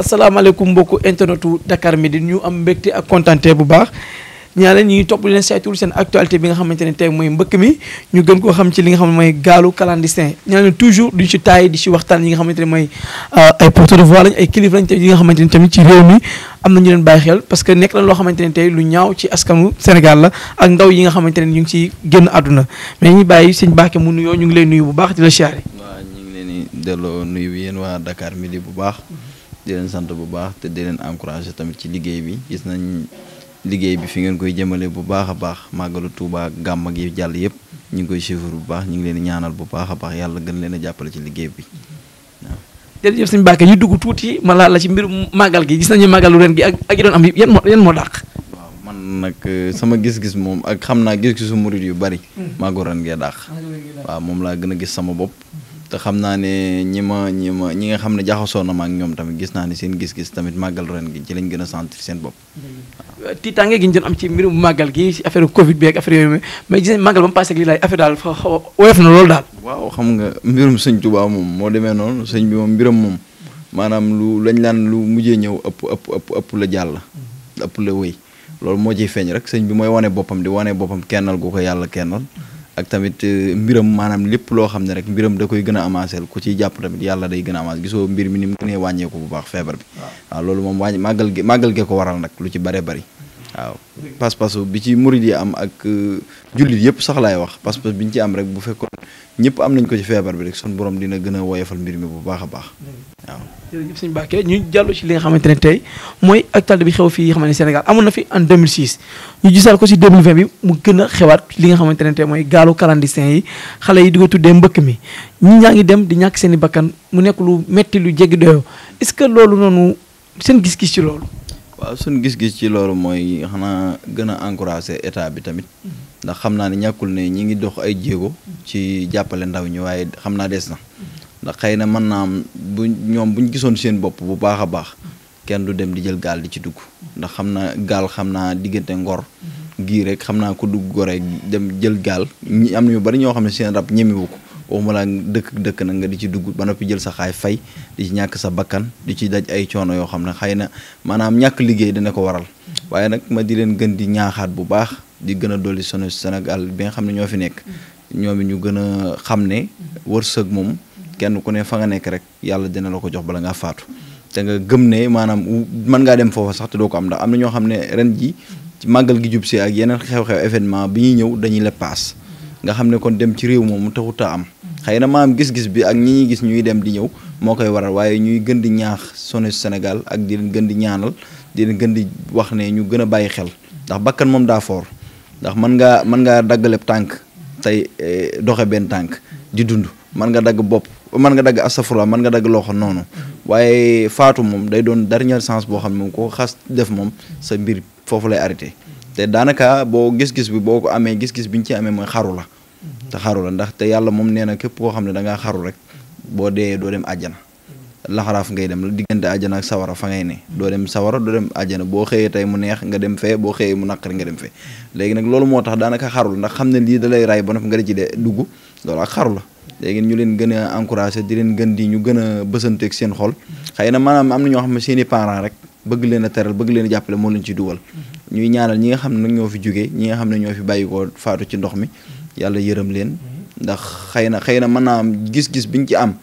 asalaamaaleykum mbokku internetu Dakar Midi ñu am mbégte ak kontaan bu baax ñaareel ñu ngi topp leen seen actualité bi nga xamante ne tey mooy mbëkk mi ñu gën koo xam ci li nga xam ne mooy gaalu clandestin ñaareel toujours duñ ci taay di ci waxtaan yi nga xamante ne mooy euh, ay porte ay kilifa yi nga xamante ne tamit ci réew am na leen bàyyi xel parce que nekk na loo xamante ne tey lu ñaaw ci askanu Sénégal la ak ndaw yi nga xamante ne ñu ngi ci génn àdduna mais ñu bàyyi sëñ Mbacké mu nuyoo ñu ngi lay nuyu bu baax di la siyaare waaw ñu ngi leen di delloo nuyu yéen waa Dakar Midi bu baax di leen sant bu baax te di leen encouragé tamit ci liggéey bi gis nañ liggéey bi fi ngeen koy jëmale bu baax a baax màggalu Touba gàmm ak yi jàll yëpp ñu ngi koy suivre bu baax ñu ngi leen ñaanal bu baax a baax yàlla gën leen a jàppale ci liggéey bi waaw. jërëjëf sëñ Mbacke ñu dugg tuuti ma laal la ci mbirum màggal gi gis nañu màggalu ren gi ak ak yi doon am yan moo moo dàq. man nag euh, sama gis-gis moom ak xam naa gis-gisu murit yu bari. Hmm. màggu ren gee daax waaw moom laa gën a gis sama bopp te xam naa ne ñi ma ñi ma ñi nga xam ne jaxasoo na ma ak ñoom tamit gis naa ne seen gis-gis tamit màggal ren gi ci lañ gën a sentir seen bopp. Euh, tiitaange gi ñu doon am ci mbirum màggal gi ci affaire Covid bi ak affaire yooyu mais gis nañ màggal ba mu passé laay affaire daal xaw a woyof na loolu daal. waaw xam nga mbirum sëñ Tuubaa moom moo demee noonu sëñ bi moom mbiram moom maanaam lu lañ laan lu mujjee ñëw ëpp ëpp ëpp ëpp la jàll. ëpp la wéy loolu moo ciy feeñ rek sëñ bi mooy wane boppam di wane boppam kennal gu ko yàlla kennal. ak tamit eh, mbiram maanaam lépp loo xam ne rek mbiram da koy gën a avancer ku ciy jàpp tamit yàlla day gën a avancer gisoo mbir mi ni mu gënee wàññeeku bu baax feebar bi waaw loolu moom wàññi màggal ge màggal ge ko waral nag lu ci bare bari waaw pas-pasu bi ci murid yi am ak eh, jullit yëpp sax wax pas-pas bi ñu ci am rek bu fekkoon ñëpp am nañ ko ci feebar bi rek sun borom dina gën a woyofal mbir mi bu baax a baax waaw jërëjëf suñu Mbacke ñu jàllu ci li nga xamante ne tey mooy actualité bi xew fii nga xamante ne Sénégal amoon na fi en 2006 ñu gisaat ko ci 2020 bi mu gën a xewaat li nga xamante ne tey mooy gaalu clandestin yi xale yi di ko tuddee mbëkk mi ñi ñaa ngi dem di ñàkk seen i bakkan mu nekk lu metti lu jéggi doyoo est-ce que loolu noonu seen gis-gis ci loolu waa suñ gis-gis ci loolu mooy xanaa gën a encouragé état bi tamit mm-hmm. ndax xam naa ne ñàkkul ne ñi ngi dox ay jéego ci jàppale ndaw ñi waaye xam naa des na mm-hmm. ndax xëy na mën naa am bu ñoom bu gisoon seen bopp bu baax a baax mm-hmm. kenn du dem di jël gaal di ci dugg ndax xam naa gaal xam naa diggante ngor gii rek xam naa ko dugg gore dem jël gaal ñi am na ñu bari ñoo xam ne seen rab ñemewu ko waxuma laa dëkk dëkk nag nga di ci dugg ba noppi jël sa xaay fay di ci ñàkk sa bakkan di ci daj ay coono yoo xam ne xay na maanaam ñàkk liggéey dana ko waral waaye nag ma di leen gën di ñaaxaat bu baax di gën a dolli sono Sénégal bi nga xam ne ñoo fi nekk ñoom ñu gën a xam ne wërsëg moom kenn ku ne fa nga nekk rek yàlla dina la ko jox bala ngaa faatu te nga gëm ne maanaam mën ngaa dem foofa sax te doo ko am ndax am na ñoo xam ne ren ji ci màggal gi jub si ak yeneen xew événement bi ñuy ñëw dañuy leb paas nga xam ne kon dem ci réew moom mu taxut a am xëy na maam gis-gis bi ak ñi gis ñuy dem di ñëw moo koy waral waaye ñuy gën di ñaax SONES Sénégal ak di leen gën di ñaanal di leen gën di wax ne ñu gën a bàyyi xel ndax bakkan moom daa foor ndax mën ngaa mën ngaa daggaleb tànk tey eh, doxe benn tànk di dund mën nga dagg bopp mën nga dagg asafura mën nga dagg loxo noonu waaye faatu moom day doon dernière chance boo xam ne moom ko xas def moom sa mbir foofu lay arrêté te daanaka boo gis-gis bi boo ko amee gis-gis bi ñu ci amee mooy xaru la te xaru ndax te yàlla moom nee na képp koo xam ne da ngaa rek boo dee doo dem àjjana laxaraaf ngay dem diggante àjjana ak sawara fa ngay ne doo dem sawara doo dem boo xëyee tey mu neex nga dem fee boo xëyee mu naqari nga dem fee léegi nag loolu moo tax daanaka xaru la ndax xam ne lii da lay raay ba nga ci de dugg loolu ak xaru la léegi ñu leen gën a encouragé di leen gën di ñu gën a bësanteeg seen xol xëy na maanaam am na ñoo xam ne seen rek bëgg leen a teral bëgg leen jàppale moo leen ci dugal ñuy ñaanal ñi nga xam ne nag ñoo fi jógee ñi nga xam ne ñoo fi bàyyi bàyyikoo faatu ci ndox mi yàlla yërëm leen ndax xëy na xëy na mën naa am gis-gis biñ ci am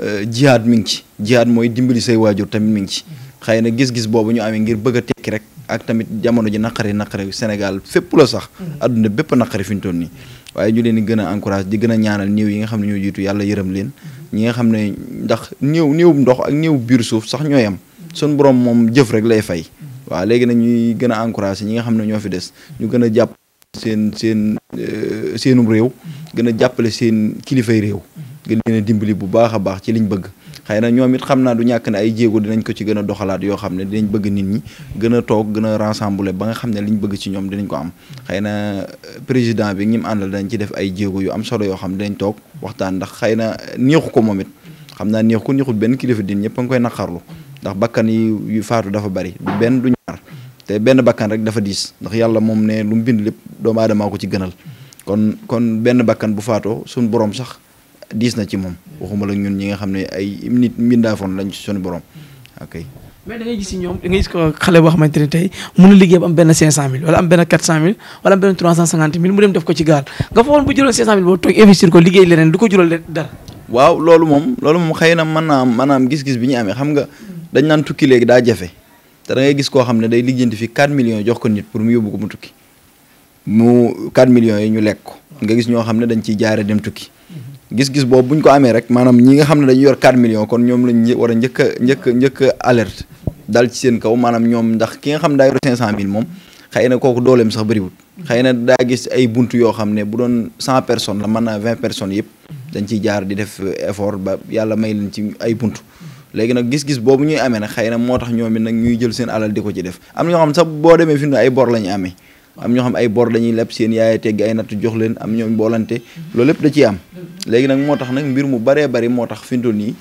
euh, jihaad mi ngi ci jihaad mooy dimbali say waajur tamit mi ngi ci xëy na gis-gis boobu ñu amee ngir bëgg tekki rek ak tamit jamono ji naqari naqari Sénégal fépp la sax adduna bépp naqari fi ñu toll nii waaye ñu leen di gën a encourage di gën a ñaanal néew yi nga xam ne ñoo jiitu yàlla yërëm leen ñi nga xam ne ndax néew néewum ndox ak néew biir suuf sax ñooy am suñu borom moom jëf rek lay fay waaw léegi nag ñuy gën a ñi nga xam ne ñoo fi des ñu gën a jàpp seen seen euh, seenum réew gën a jàppale seen kilifay réew gën leen a dimbali bu baax a baax ci liñ bëgg xëy na ñoom it xam naa du ñàkk ne ay jéego dinañ ko ci gën a doxalaat yoo xam ne dinañ bëgg nit ñi gën a a rassembler ba nga xam ne liñ bëgg ci ñoom dinañ ko am xëy na euh, président bi ñi mu àndal dañ ci def ay jéego yu am solo yoo xam ne dinañ toog waxtaan ndax xëy na neexu ko moom it xam naa neexu ko neexut benn kilifa din ñëpp a koy naqarlu ndax bakkan yi faatu dafa bari benn du ñaar te benn bakkan rek dafa diis ndax yàlla moom ne lu mu bind lépp doomu aadamaa ko ci gënal kon kon benn bakkan bu faatoo suñu borom sax diis na ci moom waxuma la nga xam ne ay nit mbindaafoon lañ ci suñu borom ok. mais da ngay gis ñoom da ngay gis ko xale boo xamante tey mën na liggéey ba am benn 500000 wala am benn 400000 wala am mu dem def ko ci gaal nga foogoon bu jural 500000 boo toog investir gis-gis bi ñu amee xam nga dañ naan tukki léegi daa jafe te da gis koo xam ne day lijjanti fi 4 million jox ko nit pour mu yóbbu ko mu tukki mu 4 million yi ñu lekk ko nga gis ñoo xam ne dañ ciy jaare dem tukki gis-gis boobu bu buñ ko amee rek maanaam ñi nga xam ne dañu yor 4 millions kon ñoom lañ war njëkk njëkk a alerte dal ci seen kaw maanaam ñoom ndax ki nga xam ne daa yor 500000 moom xëy na kooku dooleem sax bëriwul xëy na daa gis ay buntu yoo xam ne bu doon 100 personnes la mën naa 20 personnes yëpp dañ ciy jaar di def effort ba yàlla may leen ci ay buntu léegi nag gis-gis boobu ñuy amee nag xëy na moo tax ñoom it nag ñuy jël seen alal di ko ci def am na ñoo xam sax boo demee fi mu ay bor la ñu am ñoo xam ay bor dañuy leb seen yaay tegg ay natt jox leen am ñoom boolante loolu lépp da ciy am léegi nag moo tax nag mbir mu baree bari moo tax fi mu toll nii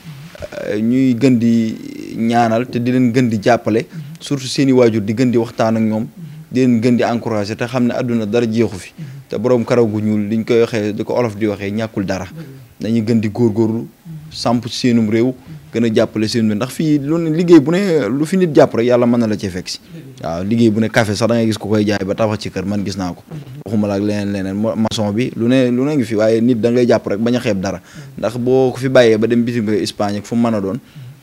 euh, ñuy gën di ñaanal te di leen gën di jàppale surtout seeni waajur di gën di waxtaan ak ñoom di leen gën di encouragé te xam ne àdduna dara jeexu fi te borom karaw gu ñuul liñ koy waxee di ko olof di waxee ñàkkul dara dañuy gën di góorgóorlu samp seenum réew gën a jàppale seen bi ndax fii liggéey bu ne lu fi nit jàpp rek yàlla mën na la ci fekk si waaw liggéey bu ne café sax da ngay gis ku koy jaay ba tabax ci kër man gis naa ko waxuma la leneen leneen maçon bi lu ne lu ne ngi fi waaye nit da jàpp rek bañ a dara ndax boo ko fi bàyyee ba dem bitim Espagne fu mën a doon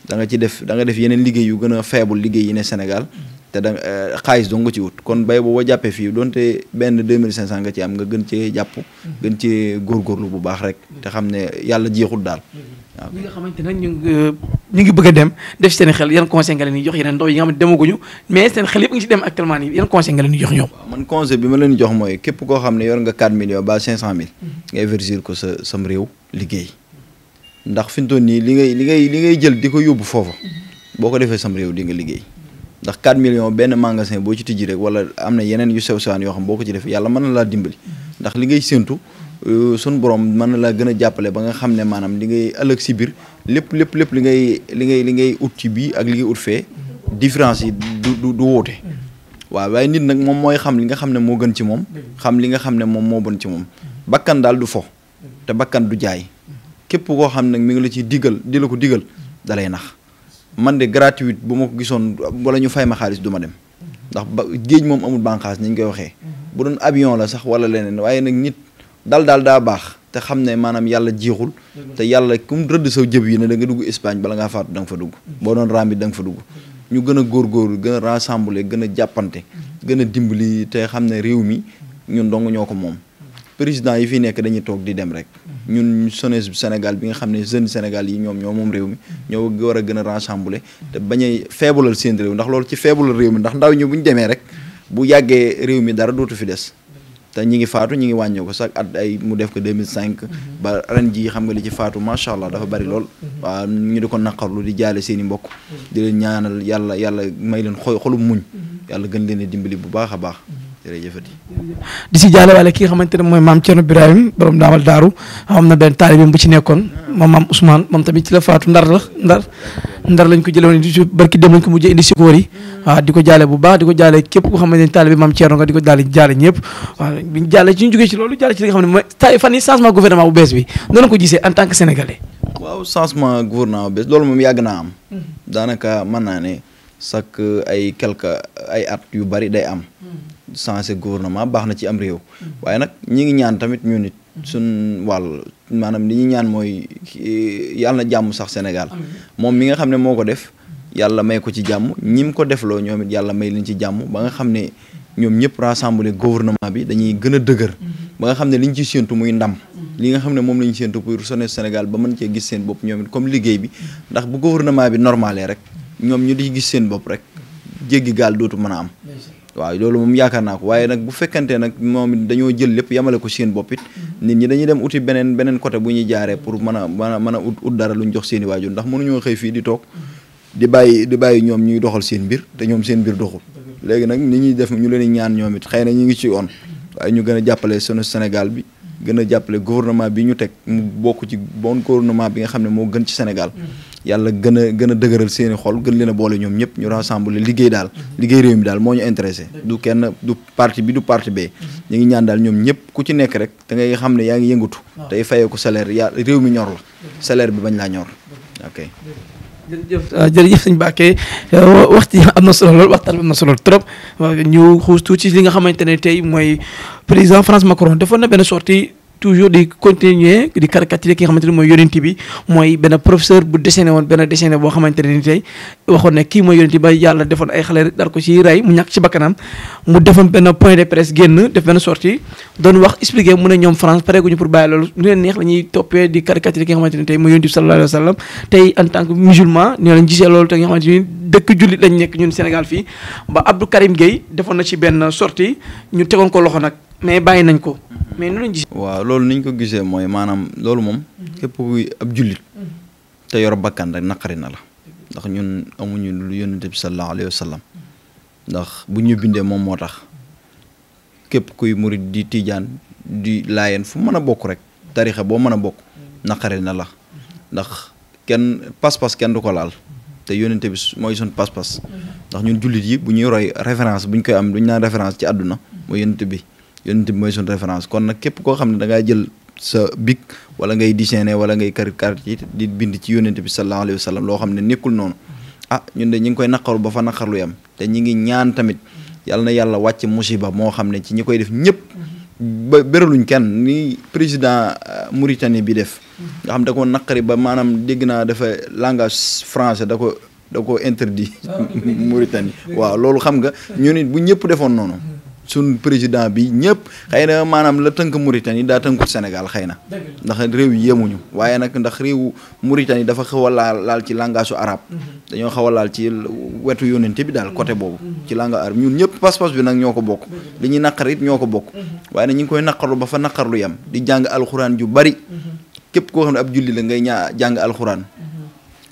da nga ci def da nga def yeneen liggéey yu gën a faible liggéey yi ne Sénégal te da eh, xaalis dong nga ci wut kon bay boo jàppee fii donte benn 2500 nga ci am nga gën cee jàpp. Mhm. gën cee góorgóorlu bu baax rek. te xam ne yàlla jeexul daal. Mhm. waaw nga xamante ne ñu ngi euh, ñu ngi bëgg a dem def seen xel yan conseil nga leen di jox yeneen ndaw yi nga xam ne demaguñu mais seen xel yëpp ngi ci nga leen jox ñoom. man conseil bi ma leen jox mooy képp ko xam ne yor nga 4 millions ba 500000. Mhm. nga investir ko sa sam réew liggéey. ndax fi mu toll nii li ngay li ngay li ngay jël di ko yóbbu foofa boo ko defee sam réew di nga liggéey ndax 4 million benn magasin boo ci tijji rek wala am na yeneen yu sew sewaan yoo xam boo ko ci defee yàlla mën na laa dimbali ndax li ngay séntu euh, suñ boroom mën na laa gën a jàppale ba nga xam ne maanaam li ngay ëllëg si biir lépp lépp lépp li ngay li ngay li ngay ut ci bii ak li ngay ut fee différence yi du du woote waaw waaye nit nag moom mooy xam li nga xam ne moo gën ci moom xam li nga xam ne moom moo bon ci moom bakkan daal du fo te bakkan du jaay képp koo xam nag mu ngi la ci digal di la ko digal dalay nax man de gratuite bu ma ko gisoon wala ñu fay ma xaalis du ma dem ndax ba géej moom amul bànqaas ni ñu koy waxee bu doon avion la sax wala leneen waaye nag nit daal daal daa baax te xam ne maanaam yàlla jiixul te yàlla ku mu rëdd saw jëb yi ne da nga dugg Espagne bala ngaa faatu da nga fa dugg boo doon raam bi da nga fa dugg ñu gën góor góorgóorlu gën a rassembler gën a jàppante gën a dimbali te xam ne réew mi ñun dong ñoo ko moom président yi fi nekk dañuy toog di dem rek ñun jeunesse Sénégal bi nga xam ne jeunes Sénégal yi ñoom ñoo moom réew mi ñoo war a gën a rassembler te bañ a feebalal seen réew ndax loolu ci feebalal réew mi ndax ndaw ñi bu ñu demee rek bu yàggee réew mi dara dootu fi des te ñi ngi faatu ñi ngi wàññi ko chaque at ay mu def ko 2005 ba ren ji xam nga li ci faatu macha allah dafa bari lool waaw ñu di ko naqarlu di jaale seen i mbokk di leen ñaanal yàlla yàlla may leen xol xolum muñ yàlla gën leen a dimbali bu baax a baax jërëjëfati di si jaale waale ki nga xamante ne mooy maam Thierno Birahim borom daamal daaru am na benn taalibeem bu ci nekkoon moom maam Ousmane moom tamit ci la faatu ndar la ndar ko jëlee woon di barki dem lañ ko mujjee indi si góor yi waaw di ko jaale bu baax di ko jaale képp ko xamante ne taalibe maam Thierno nga di ko daal jaale ñëpp jaale ci ñu ci loolu jaale ci li nga xam mooy fan yi changement gouvernement bu bees bi noonu ko gisee en tant que sénégalais changement gouvernement bu bees loolu moom naa am mm-hmm. daanaka mën naa ne chaque ay quelque ay at yu changé gouvernement baax na ci am réew. waaye nag ñi ngi ñaan tamit ñu nit suñ wàll maanaam li ñu ñaan mooy eh, yàlla na jàmm sax Sénégal. moom mi nga xam ne moo ko def. yàlla may ko ci jàmm ñi mu ko defloo ñoom it yàlla may leen ci jàmm ba nga xam ne ñoom ñëpp rassemblé gouvernement bi dañuy gën a dëgër. ba nga xam ne liñ ci séentu muy ndam. li nga xam ne moom lañ séentu pour sonné Sénégal ba mën cee gis seen bopp ñoom comme liggéey bi ndax bu gouvernement bi normalé rek ñoom ñu di gis seen bopp rek jéggi gaal dootu mën am. waaw loolu moom yaakaar naa ko waaye nag bu fekkante nag moom it dañoo jël lépp yamale ko seen boppit nit ñi dañuy dem uti beneen beneen côté bu ñu jaaree pour mën a a mën ut ut dara lu ñu jox seen i waajur ndax mënuñoo xëy fii di toog di bàyyi di bàyyi ñoom ñuy doxal seen mbir te ñoom seen mbir doxul léegi nag ni def ñu leen ñaan ñoom it xëy na ñu ngi ci on waaye ñu gën a jàppale sunu Sénégal bi gën a jàppale gouvernement bi ñu teg mu bokk ci bon gouvernement bi nga xam ne moo gën ci Sénégal yàlla gën a gën a dëgëral seen i xol gën leen a boole ñoom ñëpp ñu rassemble liggéey daal mhm. liggéey réew mi daal moo ñu intéressé du kenn du parti bi du parti bee mhm. ñu ngi ci da ngay xam ne yaa ngi yëngatu tey fayee ko salaire yaa réew mi ñor la salaire bi bañ laa ñor ok ah, li nga xamante tey mooy président France Macron defoon na benn toujours di continuer di caricaturer ki nga xamante ne mooy yonent bi mooy benn professeur bu dessiné woon benn dessiné boo xamante ne ni tey waxoon ne kii mooy yonent ba yàlla defoon ay xale dar ko ci rey mu ñàkk ci bakkanam mu defoon benn point de presse génn def benn sortie doon wax expliquer mu ne ñoom France pareeguñu pour bàyyi loolu ñu leen neex la ñuy toppee di caricaturer ki nga xamante tey mooy yonent bi sallallahu alayhi wa sallam tey en tant que musulman ñoo lañ gisee loolu te nga xamante ni dëkk jullit lañ nekk ñun Sénégal ci benn sortie ñu tegoon ko loxo nag mais bàyyi nañ ko. Mhm. mais nu waaw loolu niñ ko gisee mooy maanaam loolu moom. Mhm. képp kuy ab jullit. Mhm. te yor bakkan rek naqari na la. ndax ñun amuñu lu yónnent bi sallallahu alayhi wa sallam. ndax bu ñuy bindee moom moo tax. képp kuy murit di tijaan di laayeen fu mën a bokk rek. tarixa boo mën a bokk. naqari na la. ndax kenn pas-pas kenn du ko laal. te yónnent bi mooy suñ pas-pas. ndax ñun jullit yi bu ñuy roy référence bu ñu koy am lu ñu naan référence ci àdduna. mooy yónnent bi. yonent bi mooy suñu référence kon nag képp koo xam ne da jël sa bic wala ngay dessiné wala ngay kar kar ci di bind ci yonent bi sallallahu alayhi wa loo xam ne nekkul noonu ah de ñi ngi koy naqaru ba fa naqarlu yam te ñi ngi ñaan tamit yàlla na yàlla wàcc musiba moo xam ne ci ñi koy def ñëpp ba béraluñ kenn ni président euh, Mauritanie bi def nga xam ko naqari ba maanaam dégg naa dafa langage français da ko da ko interdit Mauritanie ah, waaw loolu xam nga ñu nit bu ñëpp defoon noonu mm-hmm. suñ président bi ñëpp xëy na maanaam la tënk yi daa tënkul Sénégal xay na ndax réew yi yemuñu waaye nag ndax réew réewu Mauritanie dafa xaw a laal laal ci langage su mhm. dañoo xaw laal ci wetu yónnente bi daal côté boobu mhm. ci langa arabe ñun ñëpp pas-pas bi nag ñoo ko bokk li ñuy naqar it ñoo ko bokk mhm. waaye nag ñu ngi koy naqarlu ba fa naqarlu yam di jàng alxuraan ju bari képp koo xam ne ab julli la ngay ñaa jàng alxuraan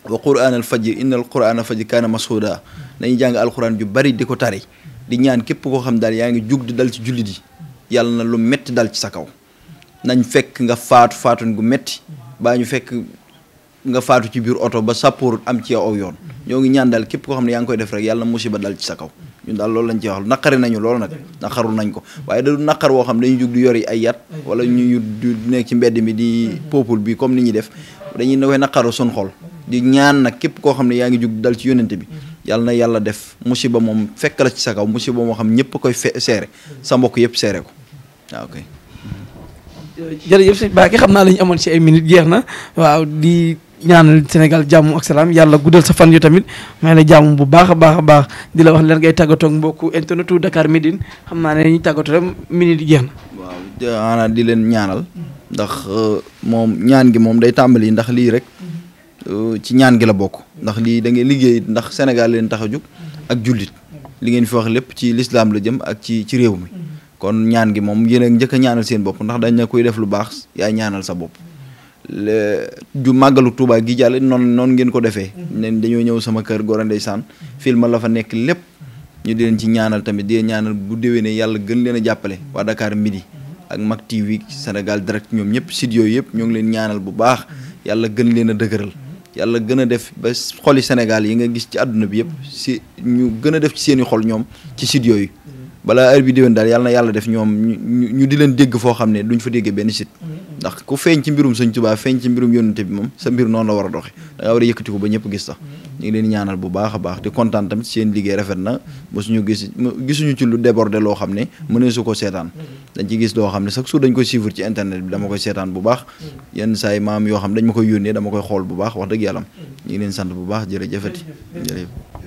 wa quraan al fajr inna al quraan al fajr kaana masuuda dañuy jàng alxuraan ju bari di ko tari di ñaan képp koo xam daal yaa ngi jug dal ci jullit yi yàlla na lu metti dal ci sa kaw nañ fekk nga faatu faatuñ gu metti baa ñu fekk nga faatu ci biir oto ba sàppoor am ci aw yoon ñoo ngi ñaan daal képp koo xam ne yaa ngi koy def rek yàlla musiba dal ci sa kaw ñun daal lañ ci wax naqari nañu loolu nag naqaru nañ ko waaye da du naqar woo xam dañuy jug di yori ay yat wala ñu nekk ci mbedd mi di peuple bi comme ni ñuy def dañuy nawee naqaru sun xol di ñaan nag képp koo xam ne yaa ngi jug dal ci yónnente bi yàlla na yàlla def musiba moom fekk la ci sa kaw musiba moo xam ñëpp koy fe seere sa mbokk yëpp seere ko waaw ah, kay. jërëjëf sëñ Mbacke xam naa la amoon ci ay minutes jeex na waaw di ñaanal Sénégal jàmm ak salaam yàlla guddal sa fan yu tamit may la jàmm bu baax a baax a baax di la wax leen ngay tàggatoo mbokk mbokku internetu Dakar Midi xam naa ne dañuy tàggatoo rek minutes jeex na. waaw di leen ñaanal. ndax euh, moom ñaan gi moom day tàmbali ndax lii rek euh, ci ñaan gi la bokk. ndax lii dangay ngay liggéey ndax Sénégal leen tax a jóg ak jullit li ngeen fi wax lépp ci lislaam la jëm ak ci ci réew mi. kon ñaan gi moom yéen a njëkk ñaanal seen bopp ndax dañ na kuy def lu baax yaay ñaanal sa bopp ju màggalu Touba gi jàll noon noonu ngeen ko defee nen dañoo ñëw sama kër Gora ndeysaan film la fa nekk lépp ñu di leen ci ñaanal tamit di ñaanal bu déwénee yàlla gën leen a jàppale waa Dakar Midi ak Mak TV Sénégal direct ñoom ñëpp site yooyu yëpp ñoo ngi leen ñaanal bu baax yàlla gën leen a dëgëral yàlla gën a def ba xoli Sénégal yi nga gis ci àdduna bi yëpp si ñu gën a def ci seen i ñoom ci site yooyu balaa heure bi déwén daal yàlla na yàlla def ñoom ñu di leen dégg foo xam ne duñ fa déggee benn sit ndax ku feeñ ci mbirum sëñ Tuubaa feeñ ci mbirum yónnante bi moom sa mbir noonu la war a doxe da nga war a yëkkati ko ba ñëpp gis sax ñu ngi leen ñaanal bu baax a baax di kontaan seen liggéey rafet na mosuñu gis gisuñu ci lu débordé loo xam ne mënee su ko seetaan dañ ci gis loo xam ne chaque jour dañ koy suivre ci internet bi dama koy seetaan bu baax yenn saa yi maam yoo xam dañ ma koy yónnee dama koy xool bu baax wax dëgg yàllam ñu leen sant bu baax jërëjëfati jërëjëf